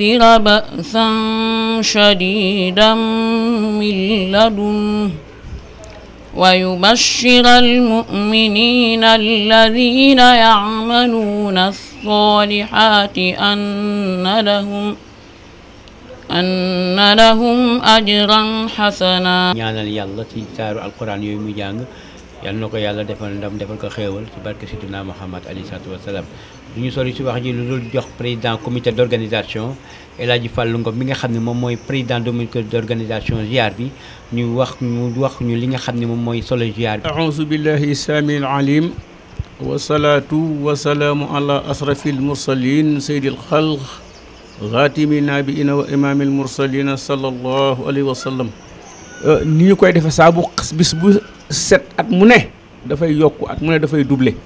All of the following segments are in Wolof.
يذهب بأسا شديدا من لدنه ويبشر المؤمنين الذين يعملون الصالحات أن لهم أن لهم أجرا حسنا ñaanal yàlla ci taaru alquran yooyu mu jàng yal na ko yàlla defal ndam defal ko xéewal ci barke sidina Muhammad aleyhi salaatu wa salaam du ñu sori si wax ji lu dul jox président comité d' organisation El Hadji Fallou mi nga xam ne moom mooy président du comité d' organisation ziar bi ñu wax ñu wax ñu li nga xam ne moom mooy solo ziar bi. aouzu billahi samiil alim wasalaatu wasalaamu ala asrafil mursalin seydil xalq xaatimi naabiina wa imaamil mursalina sallallahu alayhi wa sallam Euh, ni ñu koy defee saabu bu bis bu set ak mu ne dafay yokk ak mu ne dafay doublé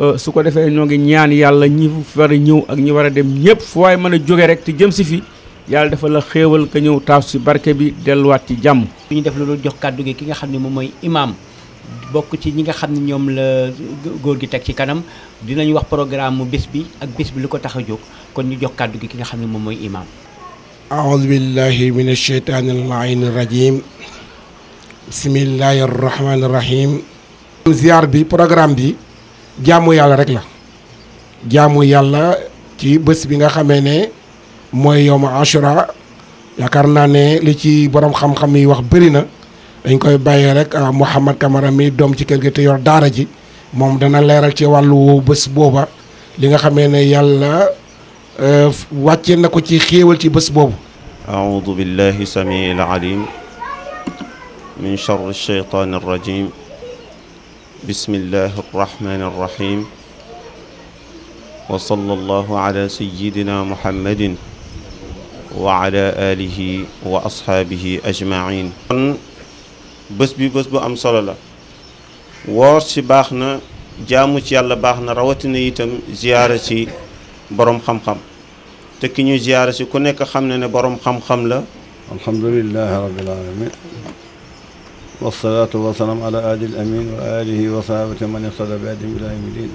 euh, su ko defee ñoo ngi ñaan yàlla ñi war a ñëw ak ñi war a dem ñëpp fu waay mën a jóge rek te jëm si fi yàlla dafa la xéewal ka ñëw taasu si barke bi delluwaat ci jàmm. li ñu def loolu jox kàddu gi ki nga xam ne moom mooy imaam bokk ci ñi nga xam ne ñoom la góor gi teg ci kanam dinañ wax programme mu bés bi ak bis bi lu ko tax a jóg kon ñu jox kàddu gi ki nga xam ne moom mooy imaam. أعوذ بالله من الشيطان اللعين الرجيم بسم الله الرحمن الرحيم ziar bi programme bi jaamu yàlla rek la jaamu yàlla ci bés bi nga xamee ne mooy yowma ashura yaakaar naa ne li ci borom xam-xam yi wax bëri na dañ koy bàyyee rek ah, Mouhamad Camara mi doom ci kër gi te yor daara ji moom dana leeral ci wàllu bés booba li nga xamee ne yàlla Euh, wàccee na ko ci xéewal ci bés boobu aoudu billahi samii alalim min charri alcheytaan alrajim bismillahi arrahmani arrahim wa sallallahu ala sayidina muhammadin wa ala alihi wa ashaabihi ajmain kon bés bi bés bu am solo la woor si baax na jaamu ci yàlla baax na rawatina itam ziyaara si boroom xam-xam te ki ñuy ziyaara si ku nekk xam na ne boroom xam-xam la alhamdulilahi rabbil alamin wasalaatu wasalaam ala aadil amin wa alihi wa sahabati man ihtada bi adim ila yawmi din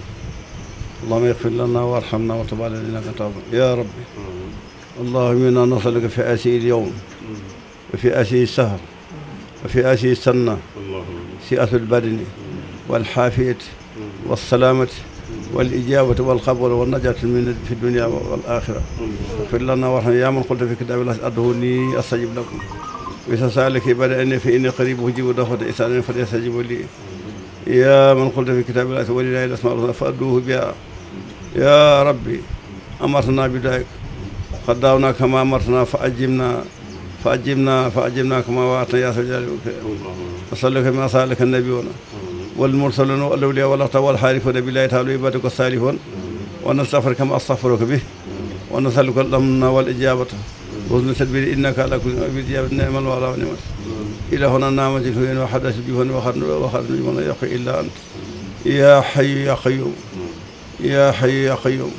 allahuma yaxfir lana warhamna wa tub alayna innaka tawwab ya rabbi allahuma inna nasaluka fi asiyi lyowm wa fi asiyi sahr wa fi asiyi sanna si'atu lbadani walxaafiyati wasalaamati wal ijaabata wal xabula wal najaati min fi dunia wal axira fir lana warxam yaa man xulta fi kitaabillahi ad'uuni nii astajib lakum bisa saaliki bada'anii fa innii qariib ujiibu da'wata daa'i falyastajiibuu lii yaa man xulta fi kitaabillahi walillaahi al-asmaa'ul husnaa fad'uuhu bihaa yaa rabbi amartanaa bi du'aa'ik qad da'awnaaka kamaa amartanaa fa ajibnaa fa ajibnaa fa ajibnaa kamaa wa'adtanaa yaa zal jalaali wal ikraam asaluka min asaalika nabiyyunaa والمرسلون والأولياء والأخطاء والحارفون بالله تعالى وعبادك الصالحون ونستغفرك كما أستغفرك به ونسألك الأمن والإجابة وزن تدبير إنك على كل بإجابة نعم الولى ونعمة إلى هنا نعمة الهين وحدث الجفن وخرن وخرن من يقي إلا أنت يا حي يا قيوم يا حي يا قيوم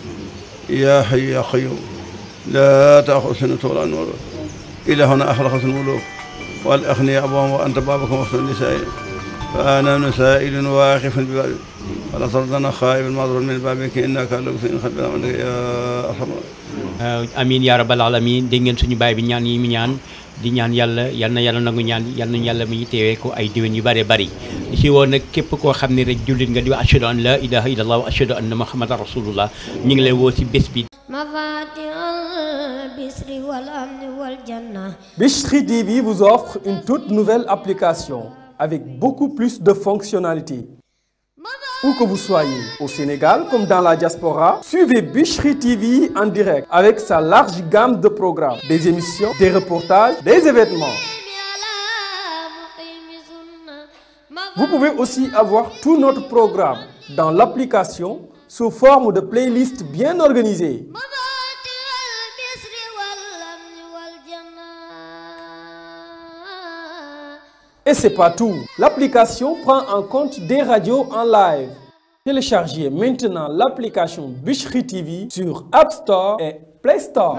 يا حي يا قيوم لا تأخذ سنة ولا نور إلى هنا أخلقت الملوك والأغنياء أبوهم وأنت بابكم وأخت النسائهم فأنا سائل واقف ببابك ولا ترضنا خائب معذور من بابك إنك لو سئل خبر عملك يا أرحم amiin yaa rabbal aalamiin dégg suñu baay bi ñaan yi mu ñaan di ñaan yàlla yal yàlla nangu ñaan yal nañu yàlla mi ñu teewee ko ay déwén yu bare bari di si woon képp koo xam ne rek jullit nga di wax ashhadu an laa ilaaha illallah wa ashhadu ñu ngi lay woo ci bés bi Bichri TV vous offre une toute nouvelle application avec beaucoup plus de fonctionnalité Où que vous soyez, au Sénégal comme dans la diaspora, suivez Bichri TV en direct avec sa large gamme de programmes, des émissions, des reportages, des événements. Vous pouvez aussi avoir tout notre programme dans l'application sous forme de playlist bien organisée. Et c'est pas tout. L'application prend en compte des radios en live. Téléchargez maintenant l'application Bichri TV sur App Store et Play Store.